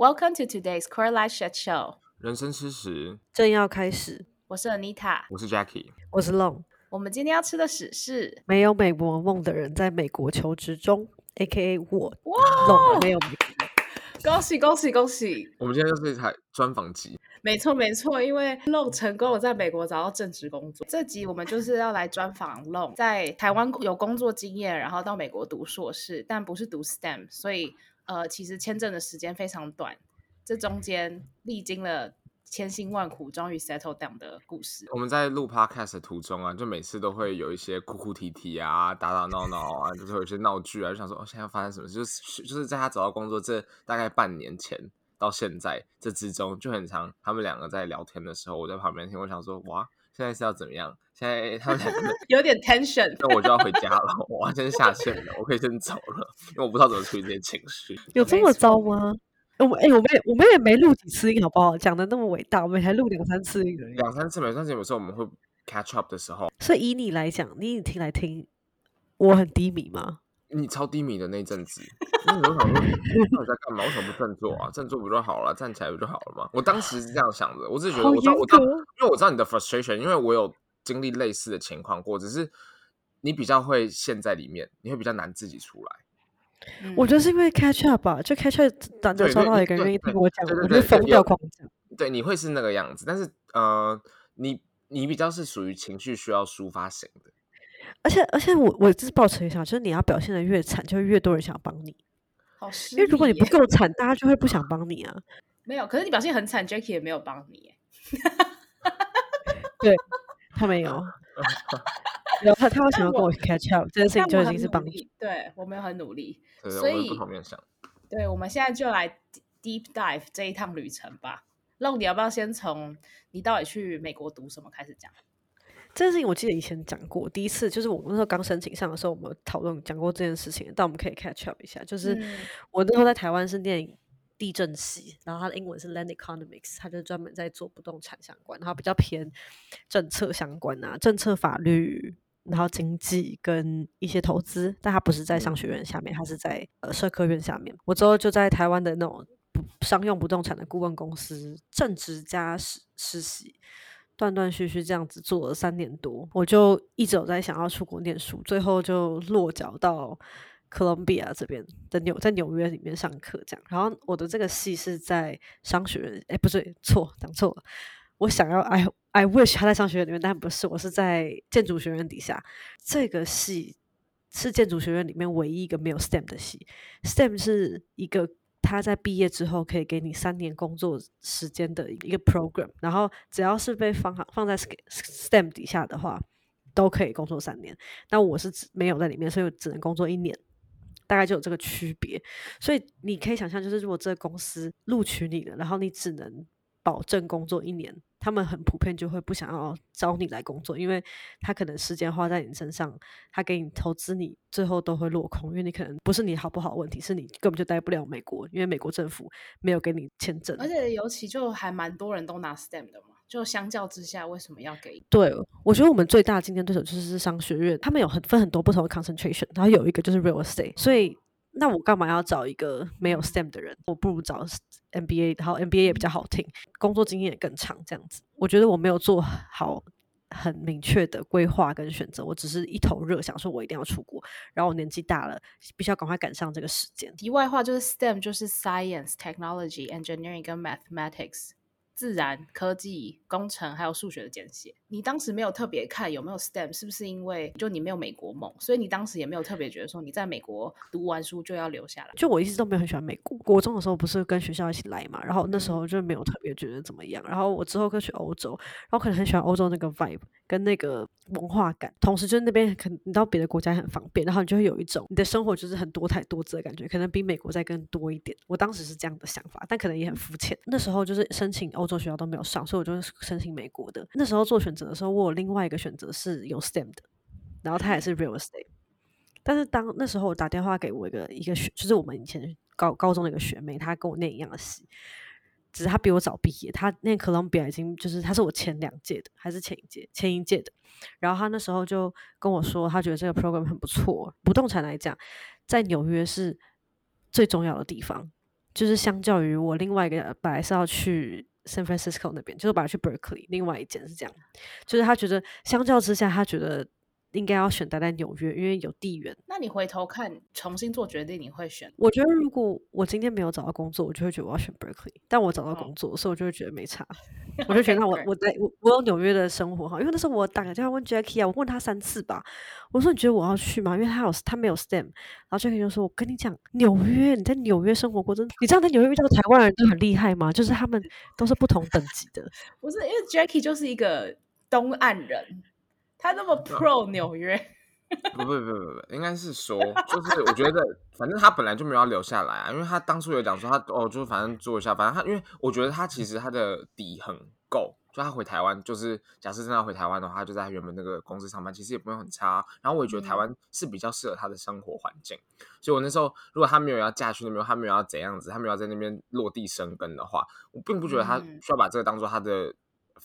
Welcome to today's Quarterlife Shit Show。人生吃屎正要開始，我是 Anita，我是 Jackie，我是 Long。我們今天要吃的屎是沒有美國夢的人在美國求職中，A.K.A 我哇 Long 沒有。恭喜恭喜恭喜！我們今天就是一台專訪集。 沒錯沒錯，因為 Long 成功在美國找到正職工作， 這集我們就是要來專訪 Long，在台灣有工作經驗，然後到美國讀碩士，但不是讀 STEM，所以。呃，其實簽證的時間非常短，這中間歷經了千辛萬苦，終於 settle down 的故事。我們在錄 podcast 的途中啊，就每次都會有一些哭哭啼啼啊，打打鬧鬧啊，就是有一些鬧劇啊。就想說，我、哦、現在發生什麼？就是就是在他找到工作這大概半年前到現在這之中，就很常，他們兩個在聊天的時候，我在旁邊聽，我想說，哇。現在是要怎麼樣？現在他們 有點 tension，那我就要回家了。我要先下線了， 我可以先走了，因為我不知道怎麼處理這些情緒。有這麼糟嗎？我們哎，我們也我們也沒錄幾次音，好不好？講的那麼偉大，我們還錄兩三次音。兩三次，兩三次，有時候我們會 catch up 的時候。所以以你來講，你聽來聽，我很低迷嗎？你超低迷的那一陣子，那 你想說你到底在幹嘛？為什麼不振作啊，振作不就好了啊？站起來不就好了嘛？我當時是這樣想的，我是覺得我超我知道，因為我知道你的 frustration，因為我有經歷類似的情況過，只是你比較會陷在裡面，你會比較難自己出來。我覺得是因為 catch up 吧啊，就 catch up，難得抓到一個人願意聽我講，我就，就對，你會是那個樣子，但是呃，你你比較是屬於情緒需要抒發型的。而且而且，而且我我只是抱持一下，就是你要表現得越慘，就越多人想幫你。好，因為如果你不夠慘，大家就會不想幫你啊。沒有，可是你表現很慘，Jacky 也沒有幫你。哈哈哈！哈哈！對他沒有。哈哈哈哈哈，對他沒有哈，他他想要跟我 catch up， 這件事情就已經是幫你。對，我沒有很努力。所以對，我們不同面向，我們現在就來 deep dive 這一趟旅程吧。那你要不要先從你到底去美國讀什麼開始講？這件事情我記得以前講過，第一次就是我那時候剛申請上的時候，我們討論講過這件事情，但我們可以 catch up 一下。就是我那時候在台灣是念地政系，然後他的英文是 Land Economics，他就專門在做不動產相關，然後比較偏政策相關啊，政策、法律，然後經濟跟一些投資。但他不是在商學院下面，他是在呃社科院下面。我之後就在台灣的那種商用不動產的顧問公司正職加實實習。斷斷續續這樣子做了三年多，我就一直有在想要出國念書，最後就落腳到哥倫比亞這邊的紐，在紐約裡面上課這樣。然後我的這個系是在商學院，哎，不是，錯，講錯了。我想要，I I wish 他在商學院裡面，但不是，我是在建築學院底下。這個系是建築學院裡面唯一一個沒有 STEM 的系，STEM 是一個。他在畢業之後可以給你三年工作時間的一個 program，然後只要是被放放在 STEM 底下的話，都可以工作三年。那我是沒有在裡面，所以我只能工作一年，大概就有這個區別。所以你可以想象，就是如果這個公司錄取你了，然後你只能。保證工作一年，他們很普遍就會不想要招你來工作，因為他可能時間花在你身上，他給你投資你，你最後都會落空，因為你可能不是你好不好的問題，是你根本就待不了美國，因為美國政府沒有給你簽證。而且尤其就還蠻多人都拿 STEM 的嘛，就相較之下，為什麼要給你？對，我覺得我們最大的競爭對手就是商學院，他們有很分很多不同的 concentration，然後有一個就是 real estate，所以。那我幹嘛要找一個沒有 STEM 的人？我不如找 MBA，然後 MBA 也比較好聽，工作經驗也更長。這樣子，我覺得我沒有做好很明確的規劃跟選擇，我只是一頭熱，想說我一定要出國，然後我年紀大了，必須要趕快趕上這個時間。題外話就是 STEM 就是 Science、Technology、Engineering 跟 Mathematics。自然、科技、工程還有數學的簡寫。你當時沒有特別看有沒有 STEM，是不是因為就你沒有美國夢，所以你當時也沒有特別覺得說你在美國讀完書就要留下來？就我一直都沒有很喜歡美國，國中的時候不是跟學校一起來嘛，然後那時候就沒有特別覺得怎麼樣。然後我之後就去歐洲，然後可能很喜歡歐洲那個 vibe 跟那個文化感，同時就是那邊可能你到別的國家也很方便，然後你就會有一種你的生活就是很多彩多姿的感覺，可能比美國再更多一點。我當時是這樣的想法，但可能也很膚淺。那時候就是申請歐。做學校都沒有上，所以我就申請美國的。那時候做選擇的時候，我有另外一個選擇是有 STEM 的，然後他也是 real estate。但是當那時候我打電話給我一個一個學，就是我們以前高高中的一個學妹，她跟我念一樣的系，只是她比我早畢業。她念 Columbia 已經就是她是我前兩屆的，還是前一屆前一屆的。然後她那時候就跟我說，她覺得這個 program 很不錯。不動產來講，在紐約是最重要的地方，就是相較於我另外一個本來是要去。San Francisco 那邊，就是我把他去 Berkeley，另外一件是這樣，就是他覺得相較之下，他覺得，應該要選待在紐約，因為有地緣。那你回頭看，重新做決定，你會選？我覺得如果我今天沒有找到工作，我就會覺得我要選 Berkeley。但我找到工作，嗯、所以我就會覺得沒差。 我就覺得我我在我，我有紐約的生活哈，因為那時候我打個電話問 Jacky 啊，我問他三次吧，我說你覺得我要去嗎？因為他有他沒有 STEM。然後 Jacky 就說：“我跟你講，紐約你在紐約生活過，真你知道在紐約遇到台灣人就很厲害嗎？就是他們都是不同等級的。 ”不是，因為 Jacky 就是一個東岸人。他那麼 pro 紐約？啊？不不不不不，應該是說， 就是我覺得，反正他本來就沒有要留下來啊，因為他當初有講說他哦，就是、反正做一下，反正他，因為我覺得他其實他的底很夠，就他回台灣，就是假設真的要回台灣的話，就在他原本那個公司上班，其實也不會很差。然後我也覺得台灣是比較適合他的生活環境，嗯，所以我那時候如果他沒有要嫁去那邊，他沒有要怎樣子，他沒有要在那邊落地生根的話，我並不覺得他需要把這個當做他的。嗯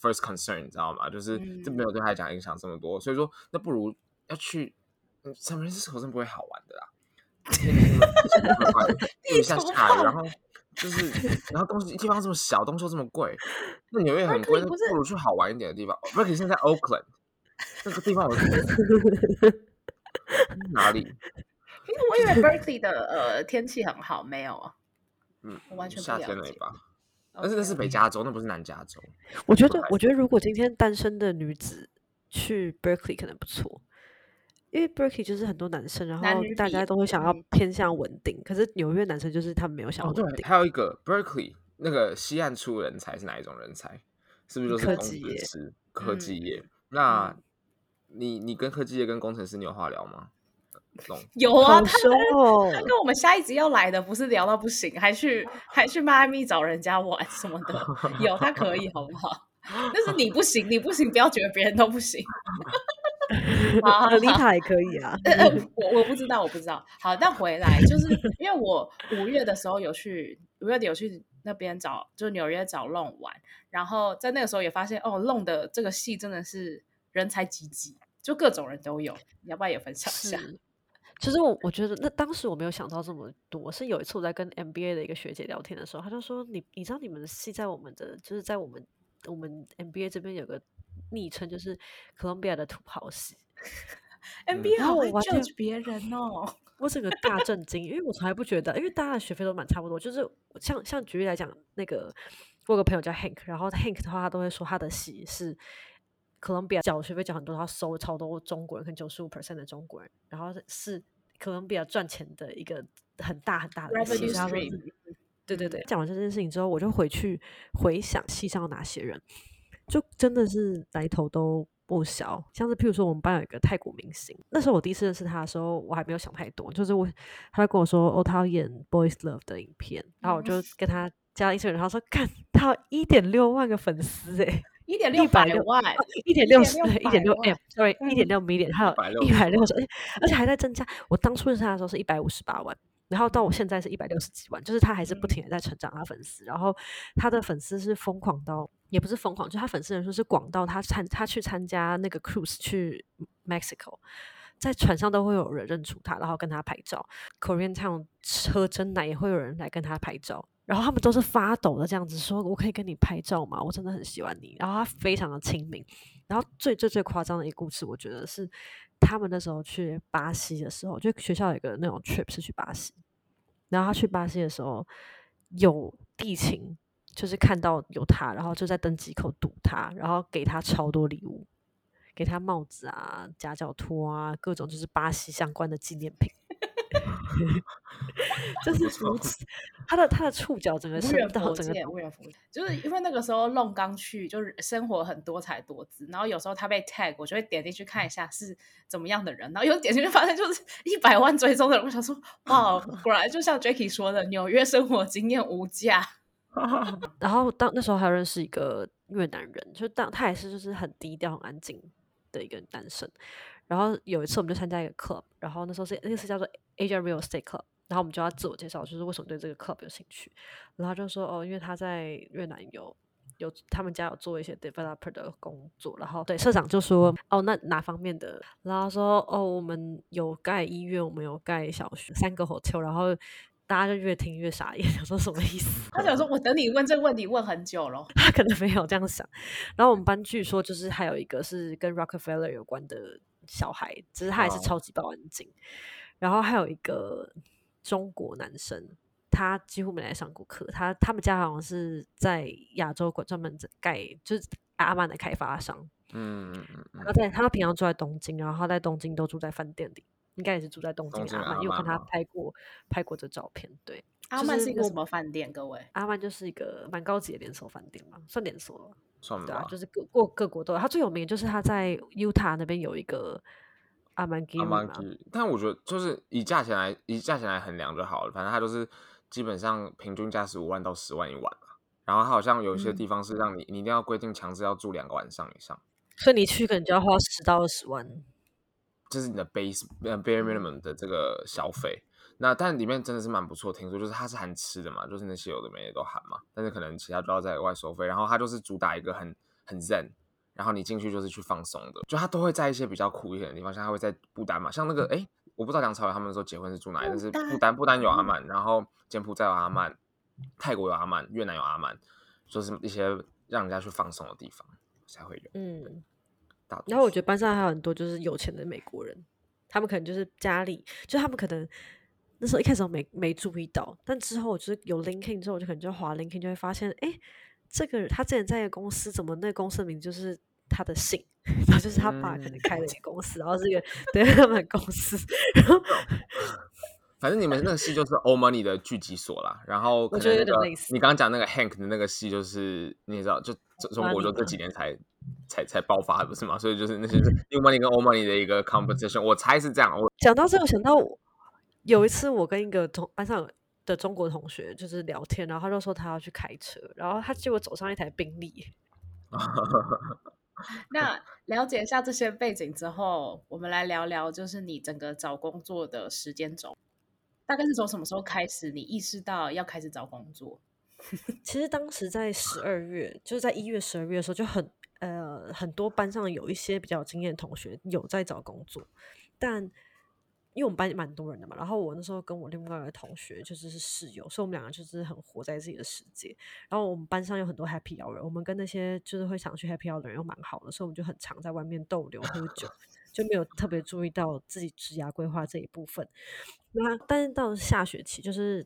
First concern，你知道嗎？就是這沒有對他來講影響這麼多，嗯、所以說那不如要去什麼日 s 古鎮不會好玩的啦，又一下雨，然後就是然後東西 地方這麼小，東西又這麼貴，那紐約很貴，那不，不如去好玩一點的地方。Berkeley 現在在 Oakland， 那個地方有什麼 哪裡？因為我以為 Berkeley 的 呃天氣很好，沒有啊？嗯，我完全不了解。但是那是北加州，okay, okay. 那不是南加州。我覺得，我覺得如果今天單身的女子去 Berkeley 可能不錯，因為 Berkeley 就是很多男生，然後大家都會想要偏向穩定。可是紐約男生就是他們沒有想要穩定。哦、還有一個 Berkeley 那個西岸出人才是哪一種人才？是不是就是科技業？科技業。嗯，那你你跟科技業跟工程師你有話聊嗎？有啊，他跟他跟我們下一集要來的不是聊到不行，還去還去媽咪找人家玩什麼的。有他可以，好不好？ 但是你不行，你不行，不要覺得別人都不行。啊， 麗塔也可以啊。呃呃我我不知道，我不知道。好，但回來就是因為我五月的時候有去五月底有去那邊找，就紐約找 Long 玩。然後在那個時候也發現哦，Long 的這個系真的是人才濟濟，就各種人都有。你要不要也分享一下？其、就、實、是、我我覺得，那當時我沒有想到這麼多。我是有一次我在跟 MBA 的一個學姐聊天的時候，她就說：“你你知道你們系在我們的，就是在我們我們 MBA 這邊有個昵稱，就是 Columbia 的土炮系。”MBA 會玩 u 別人哦，我整個大震驚，因為我從來不覺得，因為大家的學費都蠻差不多。就是像像舉例來講，那個我有個朋友叫 Hank，然後 Hank 的話，他都會說他的系是。哥倫比亞繳學費繳很多，他收了超多中國人，可能九十五 percent 的中國人，然後是哥倫比亞賺錢的一個很大很大的、就是。對對對，講完這件事情之後，我就回去回想，系上有哪些人，就真的是來頭都不小。像是譬如說，我們班有一個泰國明星，那時候我第一次認識他的時候，我還沒有想太多，就是我他就跟我說，哦，他要演《Boys Love》的影片，然後我就跟他加了一些人，然後說，幹，他有一點六萬個粉絲、欸，一點六百萬，一點六十，一點六 m，sorry，一點六 million，還有一百六十，而且還在增加。我當初認識他的時候是一百五十八萬，然後到我現在是一百六十幾萬，就是他還是不停的在，在成長他粉絲，嗯，然後他的粉絲是瘋狂到，也不是瘋狂，就他粉絲人數是廣到他參他去參加那個 cruise 去 Mexico，在船上都會有人認出他，然後跟他拍照。Korean Town 喝珍奶也會有人來跟他拍照。然後他們都是發抖的這樣子說，我可以跟你拍照嗎？我真的很喜歡你。然後他非常的親民。然後最最最誇張的一個故事，我覺得是他們那時候去巴西的時候，就學校有一個那種 trip 是去巴西。然後他去巴西的時候，有地勤就是看到有他，然後就在登機口堵他，然後給他超多禮物，給他帽子啊、夾腳拖啊，各種就是巴西相關的紀念品。 就是如此，他的他的觸角整個是。就是因為那個時候 Long 剛去，就是生活很多彩多， 多，多姿。然後有時候他被 tag，我就會點進去看一下是怎麼樣的人。然後有點進去發現就是一百萬追蹤的人， 我想說，哇、哦、果然就像 Jacky 說的，紐約生活經驗無價。 然後當那時候還認識一個越南人，就當他也是就是很低調、很安靜的一個單身。然後有一次我們就參加一個 club，然後那時候是那個是叫做 Asia Real Estate Club，然後我們就要自我介紹，就是為什麼對這個 club 有興趣。然後就說哦，因為他在越南有有他們家有做一些 developer 的工作。然後對，社長就說哦，那哪方面的？然後說哦，我們有蓋醫院，我們有蓋小學，三個 hotel。然後大家就越聽越傻眼，想說什麼意思？他想說，我等你問這個問題問很久咯。他可能沒有這樣想。然後我們班據說就是還有一個是跟 Rockefeller 有關的。小孩只是他也是超級爆安靜，oh. 然後還有一個中國男生，他幾乎沒來上過課。他他們家好像是在亞洲國專門蓋，就是阿曼的開發商。嗯、mm -hmm.，他在他平常住在東京，然後他在東京都住在飯店裡，應該也是住在東京阿曼。因為我看他拍過拍過這照片，對、就是那個。阿曼是一個什麼飯店？各位，阿曼就是一個蠻高級的連鎖飯店嘛，算連鎖了。算對啊，就是各各各國都有。他最有名就是他在猶 h 那邊有一個阿曼吉嘛、啊。但我覺得就是以價錢來以價錢來衡量就好了。反正他都是基本上平均價是五萬到十萬一晚嘛。然後它好像有一些地方是讓你、嗯、你一定要規定強制要住兩個晚上以上。所以你去可能就要花十到二十萬。就是你的 base，嗯 bare minimum 的這個消費，那但裡面真的是蠻不錯，聽說就是它是含吃的嘛，就是那些有的沒的都含嘛，但是可能其他都要在外收費。然後它就是主打一個很很 zen，然後你進去就是去放鬆的，就它都會在一些比較酷一點的地方，像它會在不丹嘛，像那個哎、欸，我不知道梁朝偉他們說結婚是住哪裡，但是不丹不丹有阿曼，然後柬埔寨有阿曼、嗯，泰國有阿曼，越南有阿曼，就是一些讓人家去放鬆的地方才會有，嗯。然後我覺得班上還有很多就是有錢的美國人，他們可能就是家裡，就他們可能那時候一開始我沒沒注意到，但之後我就是有 linking 之後，我就可能就滑 linking 就會發現，哎，這個人他之前在一個公司，怎麼那個公司名就是他的姓，然後就是他爸可能開了一個公司，嗯、然後這個 對，他們公司。然後。反正你們那個戲就是 Old money 的聚集所啦，然後、那個、我覺得有點類似。你剛剛講那個 Hank 的那個戲，就是你知道，就就中國就這幾年才才才爆發，不是嗎？所以就是那些是、New、money 跟 Old money 的一個 competition，我猜是這樣。我講到這，我想到有一次我跟一個同班、啊、上的中國同學就是聊天，然後他就說他要去開車，然後他結果走上一台賓利。 那了解一下這些背景之後，我們來聊聊，就是你整個找工作的時間軸。大概是從什麼時候開始，你意識到要開始找工作？其實當時在十二月，就是在一月、十二月的時候就很呃，很多班上有一些比較有經驗的同學有在找工作，但因為我們班也蠻多人的嘛，然後我那時候跟我另外一個同學就是，是室友，所以我們兩個就是很活在自己的世界。然後我們班上有很多 Happy Hour，我們跟那些就是會想去 Happy Hour 的人又蠻好的，所以我們就很常在外面逗留很久，就沒有特別注意到自己職涯規劃這一部分。那但是到了下學期，就是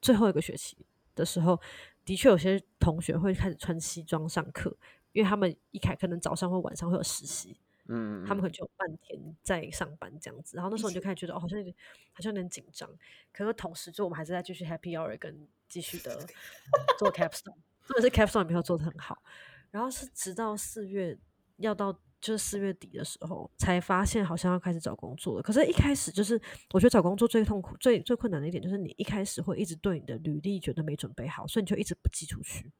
最後一個學期的時候，的確有些同學會開始穿西裝上課，因為他們一開可能早上或晚上會有實習，嗯，他們可能就有半天在上班這樣子。然後那時候你就開始覺得哦，好像有點好像有點緊張。可是同時，就我們還是在繼續 Happy Hour 跟繼續的 做 Capstone，特別是 Capstone 沒有做的很好。然後是直到四月要到。就是四月底的時候才發現，好像要開始找工作了。可是，一開始就是我覺得找工作最痛苦、最最困難的一點，就是你一開始會一直對你的履歷覺得沒準備好，所以你就一直不寄出去，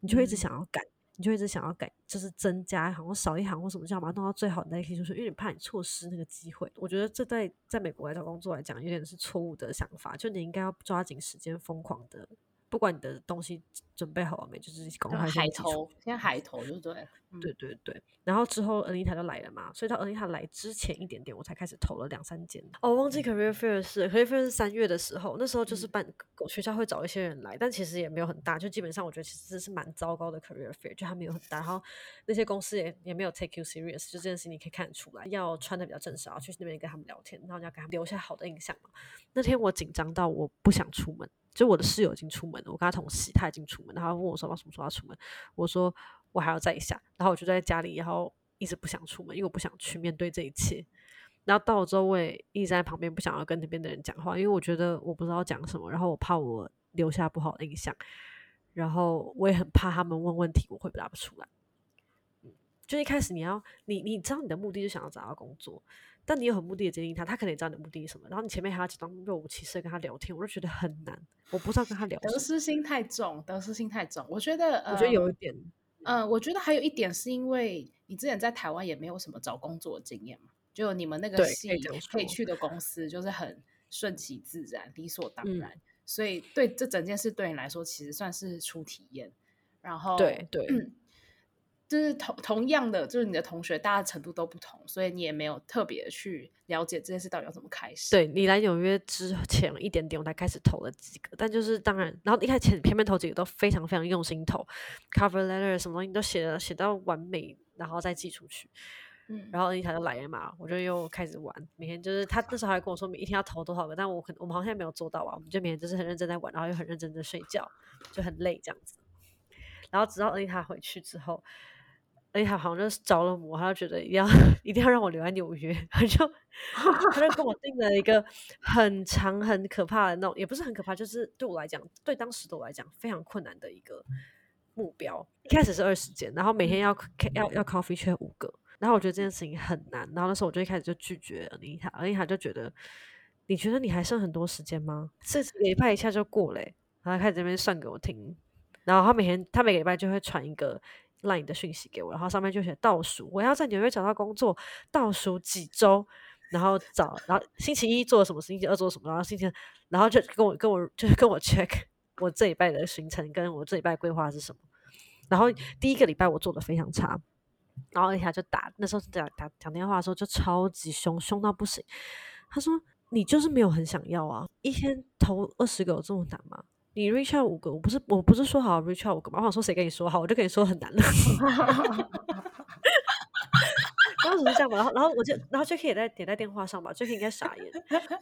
你就一直想要改，嗯，你就一直想要改，就是增加一行，好像少一行或什麼這樣，把它弄到最好的，的才就是因為你怕你錯失那個機會。我覺得這在在美國來找工作來講，有點是錯誤的想法。就你應該要抓緊時間，瘋狂的，不管你的東西。準備好了、啊、沒？就是公開海投，先海投就對， 對，對對對。然後之後恩妮塔就來了嘛，所以到恩妮塔來之前一點點，我才開始投了兩三間。哦，忘記 career fair 是、嗯、career fair 是三月的時候，那時候就是辦、嗯、學校會找一些人來，但其實也沒有很大，就基本上我覺得其實是蠻糟糕的 career fair，就還沒有很大。 然後那些公司也也沒有 take you serious，就這件事情你可以看得出來，要穿得比較正式，要去那邊跟他們聊天，然後你要給他們留下好的印象嘛。那天我緊張到我不想出門，就我的室友已經出門了，我跟他同事，他已經出門。然後問我說：“我什麼時候要出門？”我說：“我還要再想。”然後我就在家裡，然後一直不想出門，因為我不想去面對這一切。然後到了周圍，我一直在旁邊，不想要跟那邊的人講話，因為我覺得我不知道講什麼，然後我怕我留下不好的印象，然後我也很怕他們問問題，我回答不出來。就一開始你要你你知道你的目的就想要找到工作。但你有很目的的接近他，他可能也知道你的目的是什麼，然後你前面還要假裝若無其事跟他聊天，我就覺得很難。我不知道跟他聊。得失心太重，得失心太重。我覺得，我覺得有一點嗯。嗯，我覺得還有一點是因為你之前在台灣也沒有什麼找工作的經驗嘛，就你們那個系可以去的公司就是很順其自然、嗯、理所當然，所以對這整件事對你來說其實算是初體驗。然後，對對。嗯就是同同樣的，就是你的同學，大家程度都不同，所以你也沒有特別去了解這件事到底要怎麼開始。對，你來紐約之前一點點，我才開始投了幾個，但就是當然，然後一開始前面投幾個都非常非常用心投，cover letter 什麼東西都寫了，寫到完美，然後再寄出去。嗯，然後 Anita 就來了嘛，我就又開始玩，每天就是他那時候還跟我說每一天要投多少個，但我可我們好像沒有做到啊，我們就每天就是很認真在玩，然後又很認真在睡覺，就很累這樣子。然後直到 Anita 回去之後。哎，他好像就着了魔，他就覺得一定要一定要讓我留在紐約。他就他就跟我定了一個很長、很可怕的那種，也不是很可怕，就是對我來講，對當時的我來講非常困難的一個目標。 一開始是二十天，然後每天要要要 coffee 圈五個。然後我覺得這件事情很難。然後那時候我就一開始就拒絕了。你他，而且他就覺得，你覺得你還剩很多時間嗎？這禮拜一下就過嘞、欸。然後他開始這邊算給我聽，然後他每天他每個禮拜就會傳一個 Line 你的訊息給我，然後上面就寫倒數，我要在紐約找到工作，倒數幾周，然後找，然後星期一做什麼，星期二做什麼，然後星期，然後就跟我跟我就跟我 check 我這一拜的行程，跟我這一拜規劃是什麼。然後第一個禮拜我做的非常差，然後他就打，那時候打打講電話的時候就超級兇，兇到不行。他說你就是沒有很想要啊，一天投二十個有這麼難嗎？你 reach out 五個，我不是我不是說好 reach out 五個，然後說誰跟你說好，我就跟你說很難的。為 什 是這樣吧，然後我就然後就 Jacky 也在電話上吧，Jacky 應該傻眼。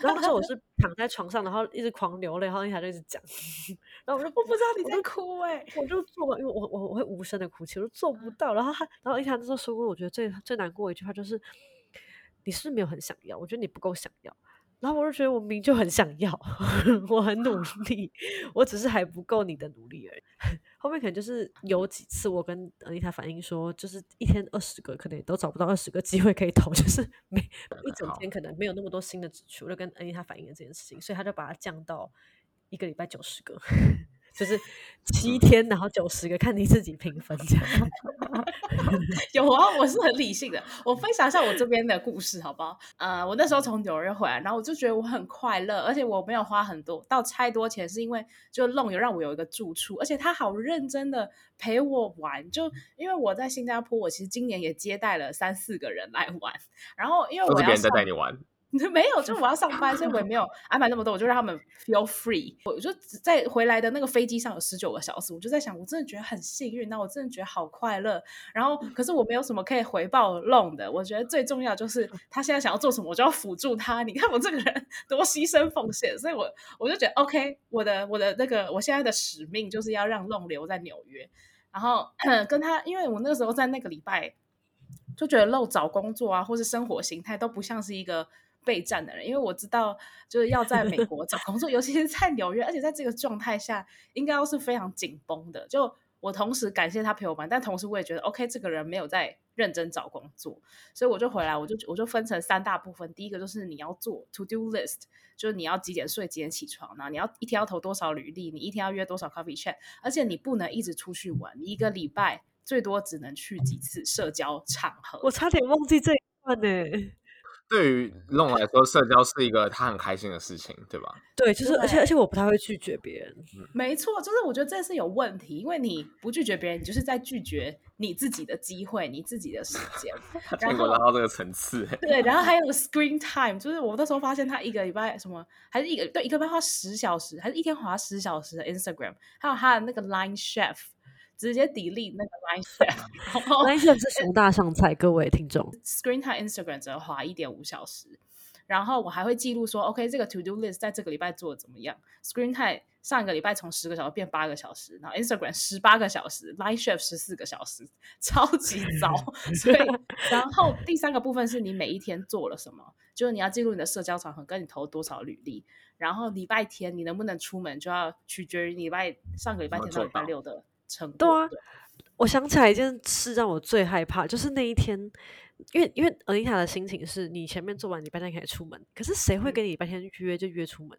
然後那時候我是躺在床上，然後一直狂流淚，然後 Anita 就一直講。 然後我說 我不知道你在哭哎、欸，我就做，因為我我我會無聲的哭泣，我就做不到。然後他然後 Anita 那時候說過，我覺得最最難過的一句話就是，你是，不是沒有很想要，我覺得你不夠想要。然後我就覺得我明明就很想要， 我很努力，我只是還不夠你的努力而已。 後面可能就是有幾次我跟 Anita 反映說，就是一天二十個可能也都找不到二十個機會可以投，就是每一整天可能沒有那麼多新的指數。我就跟 Anita 反映了這件事情，所以他就把它降到一個禮拜九十個。 就是七天，然後九十個，看你自己評分。這樣、嗯、 有啊，我是很理性的。我分享一下我這邊的故事，好不好？呃，我那時候從紐約回來，然後我就覺得我很快樂，而且我沒有花很多到太多錢，是因為就 Long 有讓我有一個住處，而且他好認真的陪我玩。就因為我在新加坡，我其實今年也接待了三四個人來玩，然後因為我要在帶你玩。沒有，就我要上班，所以我也沒有安排那麼多，我就讓他們 feel free。我就只在回來的那個飛機上有十九個小時，我就在想，我真的覺得很幸運，那我真的覺得好快樂。然後，可是我沒有什麼可以回報 Long 的，我覺得最重要就是他現在想要做什麼，我就要輔助他。你看我這個人多犧牲奉獻，所以我我就覺得 OK。我的我的那個我現在的使命就是要讓 Long 留在紐約，然後跟他，因為我那個時候在那個禮拜就覺得 Long 找工作啊，或是生活形態都不像是一個。備戰的人，因為我知道就是要在美國找工作，尤其是在紐約，而且在這個狀態下應該都是非常緊繃的。就我同時感謝他陪我玩，但同時我也覺得 OK，這個人沒有在認真找工作，所以我就回來，我就我就分成三大部分。第一個就是你要做 to do list，就是你要幾點睡，幾點起床呢？然後你要一天要投多少履歷？你一天要約多少 coffee chat？而且你不能一直出去玩，一個禮拜最多只能去幾次社交場合。我差點忘記這一段呢、欸。對於 Long 來說，社交是一個他很開心的事情，對吧？對，就是而且而且我不太會拒絕別人、嗯，沒錯，就是我覺得這是有問題，因為你不拒絕別人，你就是在拒絕你自己的機會，你自己的時間。結果拉到這個層次？對，然後還有 screen time，就是我那時候發現他一個禮拜什麼，還是一個對一個禮拜花十小時，還是一天花十小時的 Instagram，還有他的那個 Line Chef。直接 delete 那個 line chef，line chef 是熊大上菜，各位聽眾。Screen time Instagram 只要花一點五小時，然後我還會記錄說 ，OK，這個 to do list 在這個禮拜做的怎麼樣？Screen time 上一個禮拜從十個小時變八個小時，然後 Instagram 十八個小時，line chef 十四個小時，超級糟。 所以，然後第三個部分是你每一天做了什麼，就是你要記錄你的社交場合，跟你投多少履歷，然後禮拜天你能不能出門，就要取決於禮拜上個禮拜天到禮拜六的。 對啊對，我想起來一件事，讓我最害怕，就是那一天，因為因為 Anita 的心情是，你前面做完禮拜天可以出門，可是誰會跟你禮拜天約就約出門？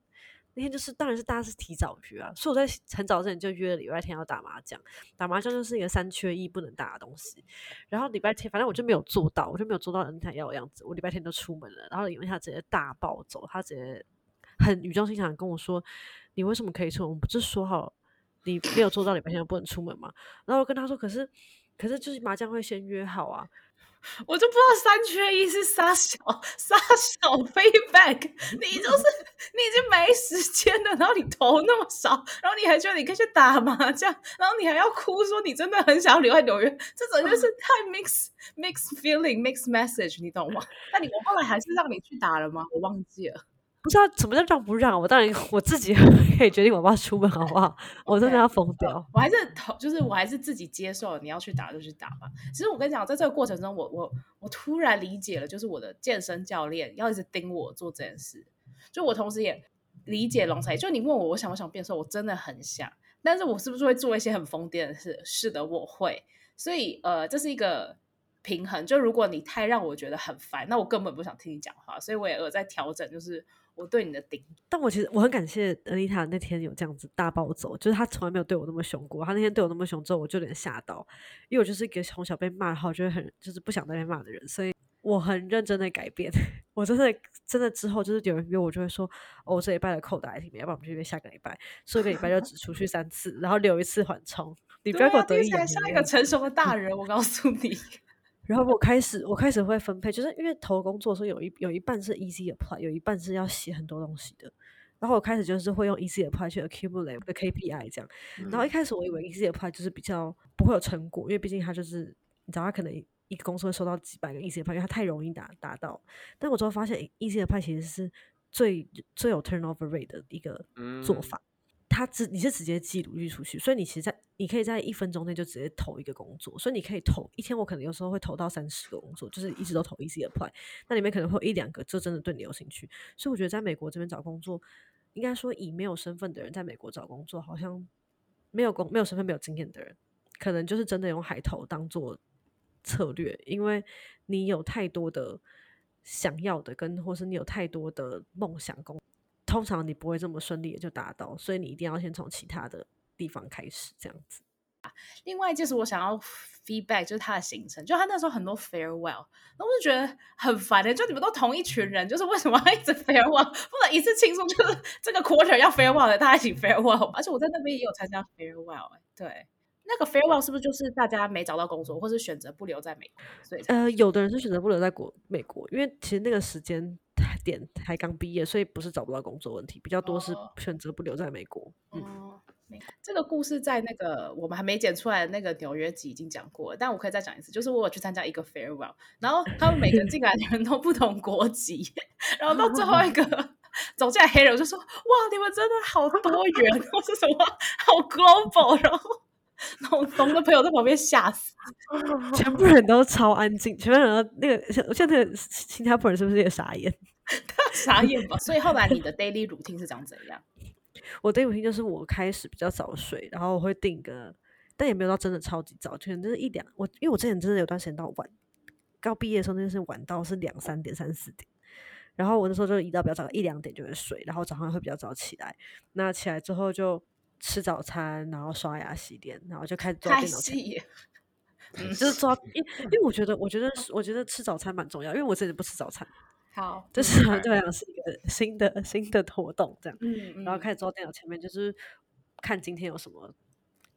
那天就是，當然是大家是提早約啊，所以我在很早之前就約了禮拜天要打麻將，打麻將就是一個三缺一不能打的東西。然後禮拜天，反正我就沒有做到，我就沒有做到 Anita 要的樣子。我禮拜天都出門了，然後 Anita 直接大暴走，他直接很語重心長跟我說：“你為什麼可以出門？我們不是說好了？”你沒有做到禮拜天不能出門嗎？然後我跟他說，可是，可是就是麻將會先約好啊， 我就不知道三缺一是殺小殺小 feedback。你就是你已經沒時間了，然後你投那麼少，然後你還覺得你可以去打麻將，然後你還要哭說你真的很想要留在紐約，這種就是太 mix mix feeling mix message，你懂嗎？那 你我後來還是讓你去打了嗎？我忘記了。不知道什麼叫讓不讓，我當然我自己可以決定，我爸出門好不好？ okay, 我真的要瘋掉，呃。我還是就是我還是自己接受，你要去打就去打吧。其實我跟你講，在這個過程中，我我我突然理解了，就是我的健身教練要一直盯我做這件事。就我同時也理解龍才，就你問我我想不想變瘦，我真的很想，但是我是不是會做一些很瘋癲的事？是的，我會。所以呃，這是一個平衡。就如果你太讓我覺得很煩，那我根本不想聽你講話。所以我也有在調整，就是。我對你的頂，但我其實我很感謝 Anita 那天有這樣子大暴走，就是她從來沒有對我那麼兇過。她那天對我那麼兇之後，我就有點嚇到，因為我就是一個從小被罵的，然後就會很就是不想再被罵的人，所以我很認真的改變。我真的真的之後就是有人約我，就會說，哦，這禮拜的扣打還挺滿，要不然我們就約下個禮拜，說一個禮拜就只出去三次，啊、然後留一次緩衝。啊、你不要給我得意，你像一個成熟的大人， 我告訴你。然後我開始，我開始會分配，就是因為投工作的時候有一有一半是 Easy Apply，有一半是要寫很多東西的。然後我開始就是會用 Easy Apply 去 accumulate 的 KPI 這樣、嗯。然後一開始我以為 Easy Apply 就是比較不會有成果，因為畢竟它就是，你知道，它可能一個公司會收到幾百個 Easy Apply，因為它太容易達達到。但我之後發現，Easy Apply 其實是最最有 turnover rate 的一個做法。嗯他只，你是直接記錄寄出去，所以你其實在你可以在一分鐘內就直接投一個工作，所以你可以投一天，我可能有時候會投到三十個工作，就是一直都投 Easy Apply，那裡面可能會有一兩個，就真的對你有興趣。所以我覺得在美國這邊找工作，應該說以沒有身份的人在美國找工作，好像沒有工沒有身份、沒有經驗的人，可能就是真的用海投當做策略，因為你有太多的想要的跟，或是你有太多的夢想工作。通常你不會這麼順利也就達到，所以你一定要先從其他的地方開始這樣子。啊、另外就是我想要 feedback，就是他的行程，就他那時候很多 farewell，那我就覺得很煩的、欸、就你們都同一群人，就是為什麼要一直 farewell，不能一次輕鬆？就是這個 quarter 要 farewell 的大家一起 farewell。而且我在那邊也有參加 farewell。對，那個 farewell 是不是就是大家沒找到工作，或是選擇不留在美國所以？呃，有的人是選擇不留在國美國，因為其實那個時間太。點才剛畢業，所以不是找不到工作問題，比較多是選擇不留在美國。哦，嗯、這個故事在那個我們還沒剪出來那個紐約集已經講過，但我可以再講一次。就是我有去參加一個 farewell，然後他們每個進來的人都不同國籍， 然後到最後一個 走進來黑人，我就說哇，你們真的好多元，都 是什麼好 global，然後然後我的朋友在旁邊嚇死， 全部人都超安靜，全部人都那個像那個新加坡人是不是也傻眼？他 傻眼吧？所以後來你的 daily routine 是長怎樣？我 daily routine 就是我開始比較早睡，然後我會定個，但也沒有到真的超級早，就是一兩。我因為我之前真的有段時間到晚，剛畢業的時候，那是晚到是兩三點、三四點。然後我那時候就移到比較早，一兩點就會睡，然後早上會比較早起來。那起來之後就吃早餐，然後刷牙、洗臉，然後就開始做電腦。 就是做，因為我覺得，我覺得，我覺得吃早餐蠻重要，因為我自己不吃早餐。好，就是這、啊、樣、嗯，是一個新的新的活動這樣、嗯，然後開始坐電腦前面，就是看今天有什麼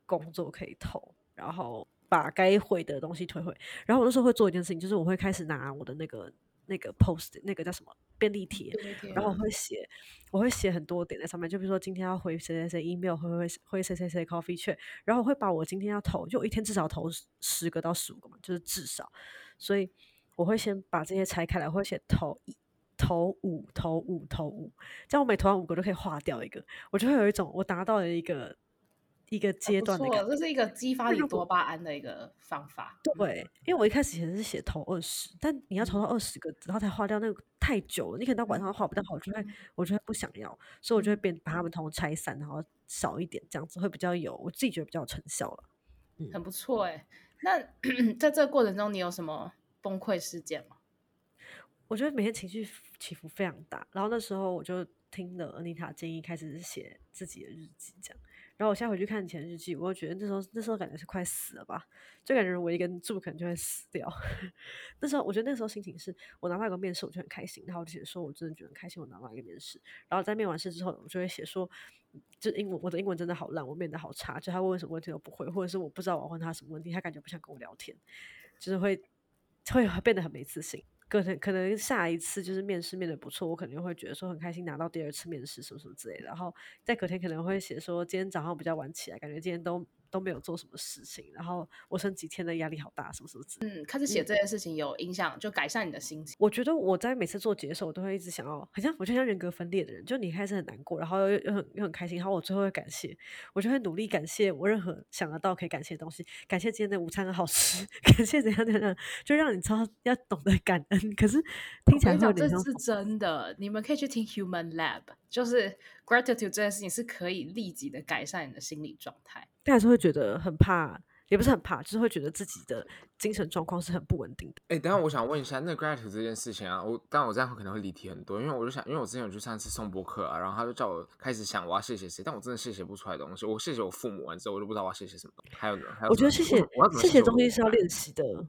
工作可以投，然後把該回的東西退回。然後我那時候會做一件事情，就是我會開始拿我的那個那個 post，那個叫什麼便利貼，然後我會寫，我會寫很多點在上面，就比如說今天要回誰誰誰 email，會不會回誰誰誰 coffee chat，然後我會把我今天要投，就我一天至少投十個到十五個嘛，就是至少，所以。我會先把這些拆開來，我會寫頭一、頭五、頭五、頭五，這樣我每投完五個都可以劃掉一個，我就會有一種我達到了一個一個階段的感覺、啊、這是一個激發你多巴胺的一個方法。對，因為我一開始寫是寫頭二十、嗯，但你要投到二十個、嗯，然後才劃掉那個太久了，你可能到晚上畫不太好，嗯、我就會我覺得不想要，所以我就會變把它們頭拆散，然後少一點，這樣子會比較有，我自己覺得比較有成效了。很不錯哎，那 在這個過程中你有什麼？崩潰事件嘛？我覺得每天情緒起伏非常大，然後那時候我就聽了 Anita 建議，開始寫自己的日記，這樣。然後我現在回去看前日記，我就覺得那時候那時候感覺是快死了吧，就感覺我一個人住可能就會死掉。 那時候我覺得那時候心情是，我拿到一個面試我就很開心，然後我就寫說我真的覺得很開心，我拿到一個面試。然後在面完試之後，我就會寫說，就英文我的英文真的好爛，我面的好差，就他問什麼問題都不會，或者是我不知道我要問他什麼問題，他感覺不想跟我聊天，就是會。會變得很沒自信，可能可能下一次就是面試，面的不錯，我肯定會覺得說很開心拿到第二次面試什麼什麼之類的，然後在隔天可能會寫說今天早上比較晚起來，感覺今天都。都沒有做什麼事情，然後我剩幾天的壓力好大，什麼什麼嗯，開始寫這件事情有影響，嗯，就改善你的心情。我覺得我在每次做結的時候我都會一直想要，好像我就像人格分裂的人，就你開始很難過，然後又又很又很開心，然後我最後會感謝，我就會努力感謝我任何想得到可以感謝的東西，感謝今天的午餐很好吃， 感謝怎樣怎樣，就讓你超要懂得感恩。可是聽起來像我講這是真的，你們可以去聽 Human Lab，就是。gratitude 這件事情是可以立即的改善你的心理狀態，但還是會覺得很怕，也不是很怕，就是會覺得自己的精神狀況是很不穩定的。哎、欸，等下我想問一下，那 gratitude 這件事情啊，我，但我這樣可能會離題很多，因為我就想，因為我之前有去上一次送播客啊，然後他就叫我開始想我要謝謝誰，但我真的謝謝不出來的東西，我謝謝我父母完之後，我就不知道我要謝謝什麼東西。還有呢，還有我覺得謝謝，我，我要怎麼謝謝東西是要練習的。